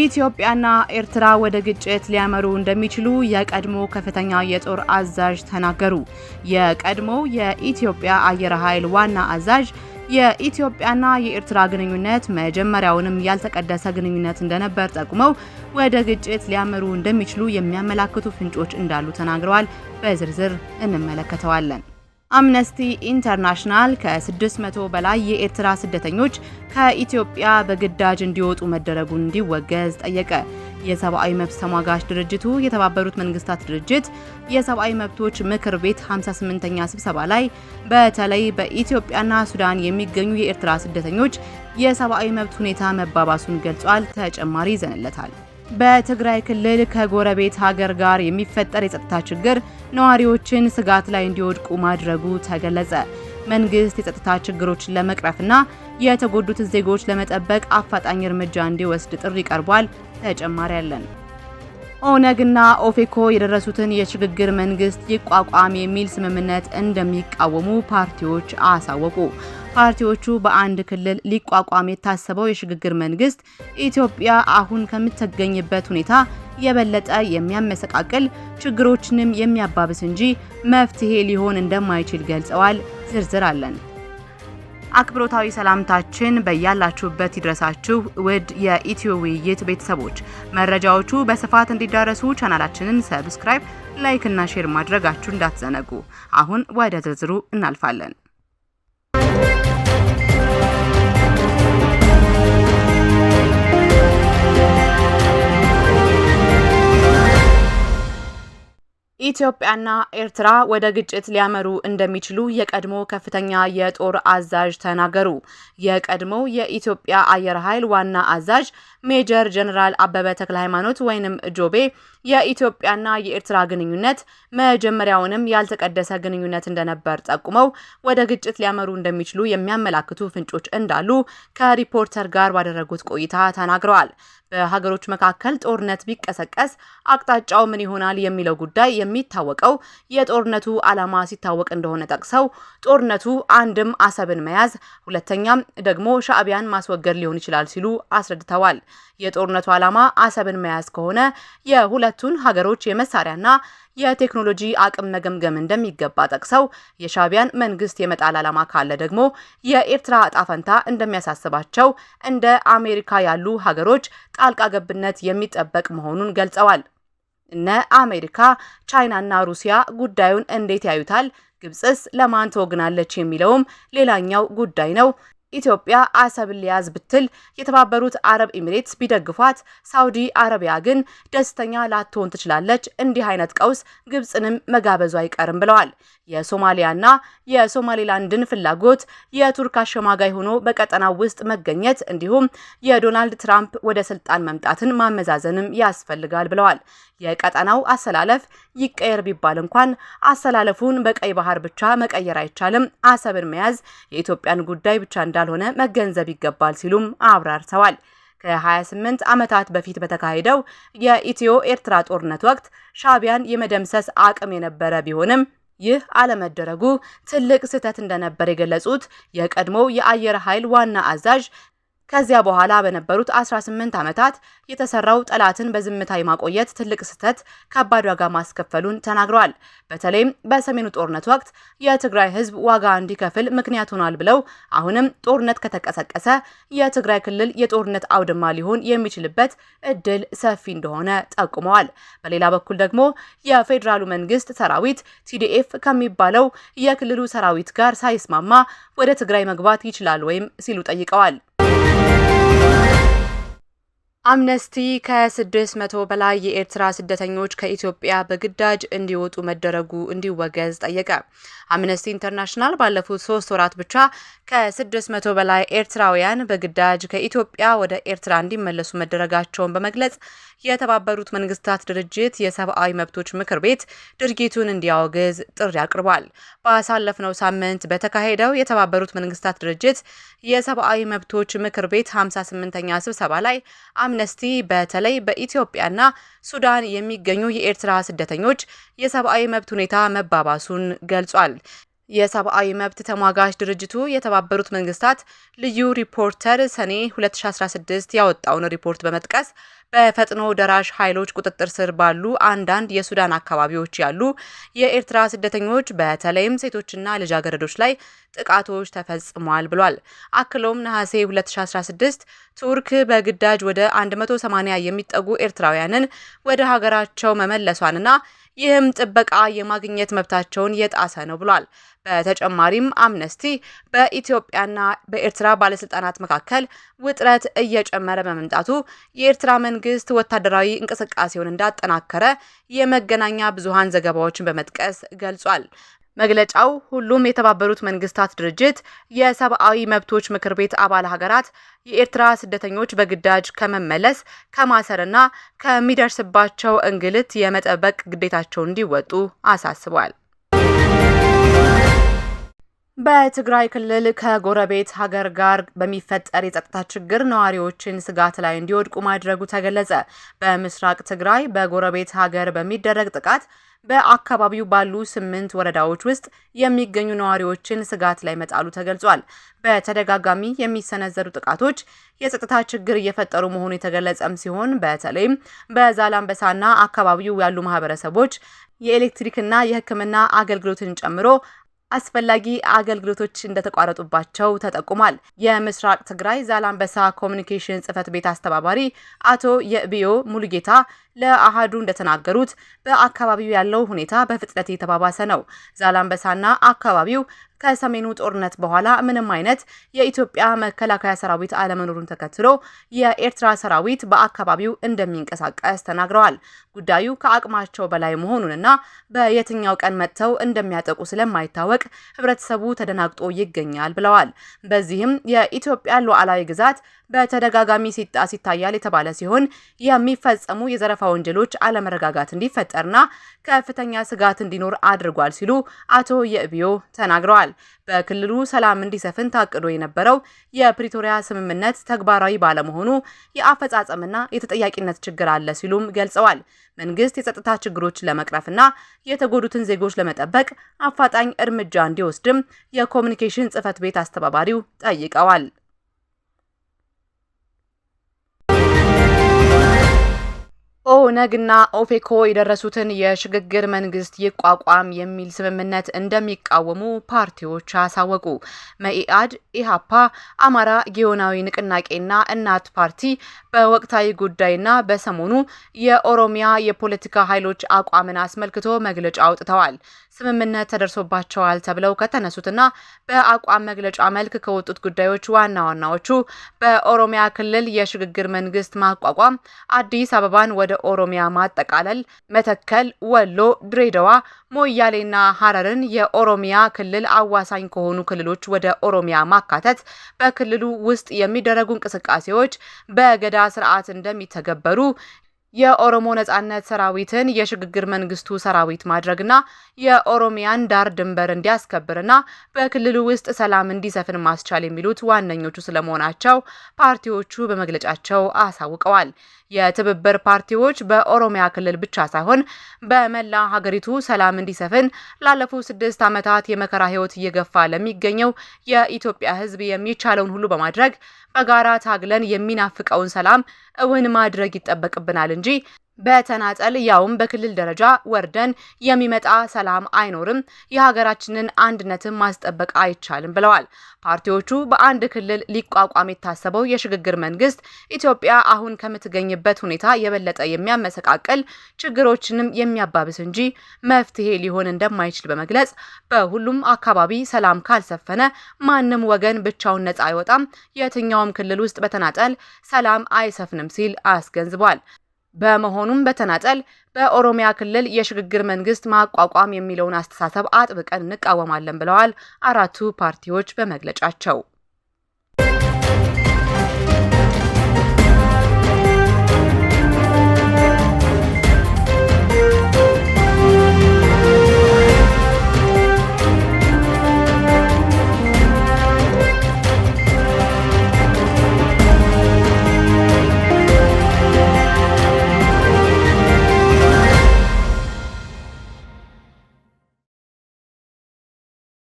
ኢትዮጵያና ኤርትራ ወደ ግጭት ሊያመሩ እንደሚችሉ የቀድሞ ከፍተኛ የጦር አዛዥ ተናገሩ። የቀድሞ የኢትዮጵያ አየር ኃይል ዋና አዛዥ የኢትዮጵያና የኤርትራ ግንኙነት መጀመሪያውንም ያልተቀደሰ ግንኙነት እንደነበር ጠቁመው ወደ ግጭት ሊያመሩ እንደሚችሉ የሚያመላክቱ ፍንጮች እንዳሉ ተናግረዋል። በዝርዝር እንመለከተዋለን። አምነስቲ ኢንተርናሽናል ከ600 በላይ የኤርትራ ስደተኞች ከኢትዮጵያ በግዳጅ እንዲወጡ መደረጉን እንዲወገዝ ጠየቀ። የሰብአዊ መብት ተሟጋች ድርጅቱ የተባበሩት መንግስታት ድርጅት የሰብአዊ መብቶች ምክር ቤት 58ኛ ስብሰባ ላይ በተለይ በኢትዮጵያና ሱዳን የሚገኙ የኤርትራ ስደተኞች የሰብአዊ መብት ሁኔታ መባባሱን ገልጿል። ተጨማሪ ይዘንለታል። በትግራይ ክልል ከጎረቤት ሀገር ጋር የሚፈጠር የጸጥታ ችግር ነዋሪዎችን ስጋት ላይ እንዲወድቁ ማድረጉ ተገለጸ። መንግስት የጸጥታ ችግሮችን ለመቅረፍና የተጎዱትን ዜጎች ለመጠበቅ አፋጣኝ እርምጃ እንዲወስድ ጥሪ ቀርቧል። ተጨማሪ ያለን ኦነግና ኦፌኮ የደረሱትን የሽግግር መንግስት ይቋቋም የሚል ስምምነት እንደሚቃወሙ ፓርቲዎች አሳወቁ። ፓርቲዎቹ በአንድ ክልል ሊቋቋም የታሰበው የሽግግር መንግስት ኢትዮጵያ አሁን ከምትገኝበት ሁኔታ የበለጠ የሚያመሰቃቅል ችግሮችንም የሚያባብስ እንጂ መፍትሄ ሊሆን እንደማይችል ገልጸዋል። ዝርዝር አለን። አክብሮታዊ ሰላምታችን በያላችሁበት ይድረሳችሁ ውድ የኢትዮ ውይይት ቤተሰቦች፣ መረጃዎቹ በስፋት እንዲዳረሱ ቻናላችንን ሰብስክራይብ፣ ላይክ እና ሼር ማድረጋችሁ እንዳትዘነጉ። አሁን ወደ ዝርዝሩ እናልፋለን። ኢትዮጵያና ኤርትራ ወደ ግጭት ሊያመሩ እንደሚችሉ የቀድሞ ከፍተኛ የጦር አዛዥ ተናገሩ። የቀድሞው የኢትዮጵያ አየር ኃይል ዋና አዛዥ ሜጀር ጀነራል አበበ ተክለ ሃይማኖት ወይንም ጆቤ የኢትዮጵያና የኤርትራ ግንኙነት መጀመሪያውንም ያልተቀደሰ ግንኙነት እንደነበር ጠቁመው ወደ ግጭት ሊያመሩ እንደሚችሉ የሚያመላክቱ ፍንጮች እንዳሉ ከሪፖርተር ጋር ባደረጉት ቆይታ ተናግረዋል። በሀገሮች መካከል ጦርነት ቢቀሰቀስ አቅጣጫው ምን ይሆናል የሚለው ጉዳይ የሚታወቀው የጦርነቱ ዓላማ ሲታወቅ እንደሆነ ጠቅሰው ጦርነቱ አንድም አሰብን መያዝ ሁለተኛም ደግሞ ሻዕቢያን ማስወገድ ሊሆን ይችላል ሲሉ አስረድተዋል። የጦርነቱ ዓላማ አሰብን መያዝ ከሆነ የሁለቱን ሀገሮች የመሳሪያና የቴክኖሎጂ አቅም መገምገም እንደሚገባ ጠቅሰው የሻቢያን መንግስት የመጣል ዓላማ ካለ ደግሞ የኤርትራ ዕጣ ፈንታ እንደሚያሳስባቸው እንደ አሜሪካ ያሉ ሀገሮች ጣልቃ ገብነት የሚጠበቅ መሆኑን ገልጸዋል። እነ አሜሪካ፣ ቻይናና ሩሲያ ጉዳዩን እንዴት ያዩታል? ግብጽስ ለማን ትወግናለች? የሚለውም ሌላኛው ጉዳይ ነው። ኢትዮጵያ አሰብን ሊያዝ ብትል የተባበሩት አረብ ኤሚሬትስ ቢደግፏት፣ ሳውዲ አረቢያ ግን ደስተኛ ላትሆን ትችላለች። እንዲህ አይነት ቀውስ ግብፅንም መጋበዙ አይቀርም ብለዋል። የሶማሊያና የሶማሌላንድን ፍላጎት የቱርክ አሸማጋይ ሆኖ በቀጠናው ውስጥ መገኘት እንዲሁም የዶናልድ ትራምፕ ወደ ስልጣን መምጣትን ማመዛዘንም ያስፈልጋል ብለዋል። የቀጠናው አሰላለፍ ይቀየር ቢባል እንኳን አሰላለፉን በቀይ ባህር ብቻ መቀየር አይቻልም። አሰብን መያዝ የኢትዮጵያን ጉዳይ ብቻ እንዳልሆነ መገንዘብ ይገባል ሲሉም አብራርተዋል። ከ28 ዓመታት በፊት በተካሄደው የኢትዮ ኤርትራ ጦርነት ወቅት ሻቢያን የመደምሰስ አቅም የነበረ ቢሆንም ይህ አለመደረጉ ትልቅ ስህተት እንደነበር የገለጹት የቀድሞው የአየር ኃይል ዋና አዛዥ ከዚያ በኋላ በነበሩት 18 ዓመታት የተሰራው ጠላትን በዝምታ የማቆየት ትልቅ ስህተት ከባድ ዋጋ ማስከፈሉን ተናግረዋል። በተለይም በሰሜኑ ጦርነት ወቅት የትግራይ ህዝብ ዋጋ እንዲከፍል ምክንያት ሆኗል ብለው አሁንም ጦርነት ከተቀሰቀሰ የትግራይ ክልል የጦርነት አውድማ ሊሆን የሚችልበት እድል ሰፊ እንደሆነ ጠቁመዋል። በሌላ በኩል ደግሞ የፌዴራሉ መንግስት ሰራዊት ቲዲኤፍ ከሚባለው የክልሉ ሰራዊት ጋር ሳይስማማ ወደ ትግራይ መግባት ይችላል ወይም ሲሉ ጠይቀዋል። አምነስቲ ከስድስት መቶ በላይ የኤርትራ ስደተኞች ከኢትዮጵያ በግዳጅ እንዲወጡ መደረጉ እንዲወገዝ ጠየቀ። አምነስቲ ኢንተርናሽናል ባለፉት ሶስት ወራት ብቻ ከስድስት መቶ በላይ ኤርትራውያን በግዳጅ ከኢትዮጵያ ወደ ኤርትራ እንዲመለሱ መደረጋቸውን በመግለጽ የተባበሩት መንግስታት ድርጅት የሰብአዊ መብቶች ምክር ቤት ድርጊቱን እንዲያወግዝ ጥሪ አቅርቧል። ባሳለፍነው ሳምንት በተካሄደው የተባበሩት መንግስታት ድርጅት የሰብአዊ መብቶች ምክር ቤት 58ኛ ስብሰባ ላይ አምነስቲ በተለይ በኢትዮጵያና ሱዳን የሚገኙ የኤርትራ ስደተኞች የሰብአዊ መብት ሁኔታ መባባሱን ገልጿል። የሰብአዊ መብት ተሟጋች ድርጅቱ የተባበሩት መንግስታት ልዩ ሪፖርተር ሰኔ 2016 ያወጣውን ሪፖርት በመጥቀስ በፈጥኖ ደራሽ ኃይሎች ቁጥጥር ስር ባሉ አንዳንድ የሱዳን አካባቢዎች ያሉ የኤርትራ ስደተኞች በተለይም ሴቶችና ልጃገረዶች ላይ ጥቃቶች ተፈጽሟል ብሏል። አክሎም ነሐሴ 2016 ቱርክ በግዳጅ ወደ 180 የሚጠጉ ኤርትራውያንን ወደ ሀገራቸው መመለሷንና ይህም ጥበቃ የማግኘት መብታቸውን የጣሰ ነው ብሏል። በተጨማሪም አምነስቲ በኢትዮጵያና በኤርትራ ባለስልጣናት መካከል ውጥረት እየጨመረ በመምጣቱ የኤርትራ መንግስት ወታደራዊ እንቅስቃሴውን እንዳጠናከረ የመገናኛ ብዙሃን ዘገባዎችን በመጥቀስ ገልጿል። መግለጫው ሁሉም የተባበሩት መንግስታት ድርጅት የሰብአዊ መብቶች ምክር ቤት አባል ሀገራት የኤርትራ ስደተኞች በግዳጅ ከመመለስ ከማሰርና ከሚደርስባቸው እንግልት የመጠበቅ ግዴታቸውን እንዲወጡ አሳስቧል። በትግራይ ክልል ከጎረቤት ሀገር ጋር በሚፈጠር የጸጥታ ችግር ነዋሪዎችን ስጋት ላይ እንዲወድቁ ማድረጉ ተገለጸ። በምስራቅ ትግራይ በጎረቤት ሀገር በሚደረግ ጥቃት በአካባቢው ባሉ ስምንት ወረዳዎች ውስጥ የሚገኙ ነዋሪዎችን ስጋት ላይ መጣሉ ተገልጿል። በተደጋጋሚ የሚሰነዘሩ ጥቃቶች የጸጥታ ችግር እየፈጠሩ መሆኑ የተገለጸም ሲሆን በተለይም በዛላምበሳና አካባቢው ያሉ ማህበረሰቦች የኤሌክትሪክና የሕክምና አገልግሎትን ጨምሮ አስፈላጊ አገልግሎቶች እንደተቋረጡባቸው ተጠቁሟል። የምስራቅ ትግራይ ዛላንበሳ ኮሚኒኬሽን ጽህፈት ቤት አስተባባሪ አቶ የቢዮ ሙሉጌታ ለአሃዱ እንደተናገሩት በአካባቢው ያለው ሁኔታ በፍጥነት የተባባሰ ነው። ዛላንበሳና አካባቢው ከሰሜኑ ጦርነት በኋላ ምንም አይነት የኢትዮጵያ መከላከያ ሰራዊት አለመኖሩን ተከትሎ የኤርትራ ሰራዊት በአካባቢው እንደሚንቀሳቀስ ተናግረዋል። ጉዳዩ ከአቅማቸው በላይ መሆኑንና በየትኛው ቀን መጥተው እንደሚያጠቁ ስለማይታወቅ ህብረተሰቡ ተደናግጦ ይገኛል ብለዋል። በዚህም የኢትዮጵያ ሉዓላዊ ግዛት በተደጋጋሚ ሲጣስ ይታያል የተባለ ሲሆን የሚፈጸሙ የዘረፋ ወንጀሎች አለመረጋጋት እንዲፈጠርና ከፍተኛ ስጋት እንዲኖር አድርጓል ሲሉ አቶ የእብዮ ተናግረዋል። በክልሉ ሰላም እንዲሰፍን ታቅዶ የነበረው የፕሪቶሪያ ስምምነት ተግባራዊ ባለመሆኑ የአፈጻጸምና የተጠያቂነት ችግር አለ ሲሉም ገልጸዋል። መንግስት የጸጥታ ችግሮችን ለመቅረፍና የተጎዱትን ዜጎች ለመጠበቅ አፋጣኝ እርምጃ እንዲወስድም የኮሚኒኬሽን ጽህፈት ቤት አስተባባሪው ጠይቀዋል። ኦነግና ኦፌኮ የደረሱትን የሽግግር መንግስት ይቋቋም የሚል ስምምነት እንደሚቃወሙ ፓርቲዎች አሳወቁ። መኢአድ፣ ኢሃፓ፣ አማራ ጊዮናዊ ንቅናቄና እናት ፓርቲ በወቅታዊ ጉዳይና በሰሞኑ የኦሮሚያ የፖለቲካ ኃይሎች አቋምን አስመልክቶ መግለጫ አውጥተዋል። ስምምነት ተደርሶባቸዋል ተብለው ከተነሱትና በአቋም መግለጫ መልክ ከወጡት ጉዳዮች ዋና ዋናዎቹ በኦሮሚያ ክልል የሽግግር መንግስት ማቋቋም፣ አዲስ አበባን ወደ ወደ ኦሮሚያ ማጠቃለል፣ መተከል፣ ወሎ፣ ድሬዳዋ፣ ሞያሌና ሐረርን የኦሮሚያ ክልል አዋሳኝ ከሆኑ ክልሎች ወደ ኦሮሚያ ማካተት፣ በክልሉ ውስጥ የሚደረጉ እንቅስቃሴዎች በገዳ ስርዓት እንደሚተገበሩ የኦሮሞ ነጻነት ሰራዊትን የሽግግር መንግስቱ ሰራዊት ማድረግና የኦሮሚያን ዳር ድንበር እንዲያስከብርና በክልሉ ውስጥ ሰላም እንዲሰፍን ማስቻል የሚሉት ዋነኞቹ ስለመሆናቸው ፓርቲዎቹ በመግለጫቸው አሳውቀዋል። የትብብር ፓርቲዎች በኦሮሚያ ክልል ብቻ ሳይሆን በመላ ሀገሪቱ ሰላም እንዲሰፍን ላለፉት ስድስት ዓመታት የመከራ ህይወት እየገፋ ለሚገኘው የኢትዮጵያ ህዝብ የሚቻለውን ሁሉ በማድረግ በጋራ ታግለን የሚናፍቀውን ሰላም እውን ማድረግ ይጠበቅብናል እንጂ በተናጠል ያውም በክልል ደረጃ ወርደን የሚመጣ ሰላም አይኖርም፣ የሀገራችንን አንድነትን ማስጠበቅ አይቻልም ብለዋል። ፓርቲዎቹ በአንድ ክልል ሊቋቋም የታሰበው የሽግግር መንግስት ኢትዮጵያ አሁን ከምትገኝበት ሁኔታ የበለጠ የሚያመሰቃቅል ችግሮችንም የሚያባብስ እንጂ መፍትሄ ሊሆን እንደማይችል በመግለጽ በሁሉም አካባቢ ሰላም ካልሰፈነ ማንም ወገን ብቻውን ነጻ አይወጣም፣ የትኛውም ክልል ውስጥ በተናጠል ሰላም አይሰፍንም ሲል አስገንዝቧል። በመሆኑም በተናጠል በኦሮሚያ ክልል የሽግግር መንግስት ማቋቋም የሚለውን አስተሳሰብ አጥብቀን እንቃወማለን ብለዋል አራቱ ፓርቲዎች በመግለጫቸው።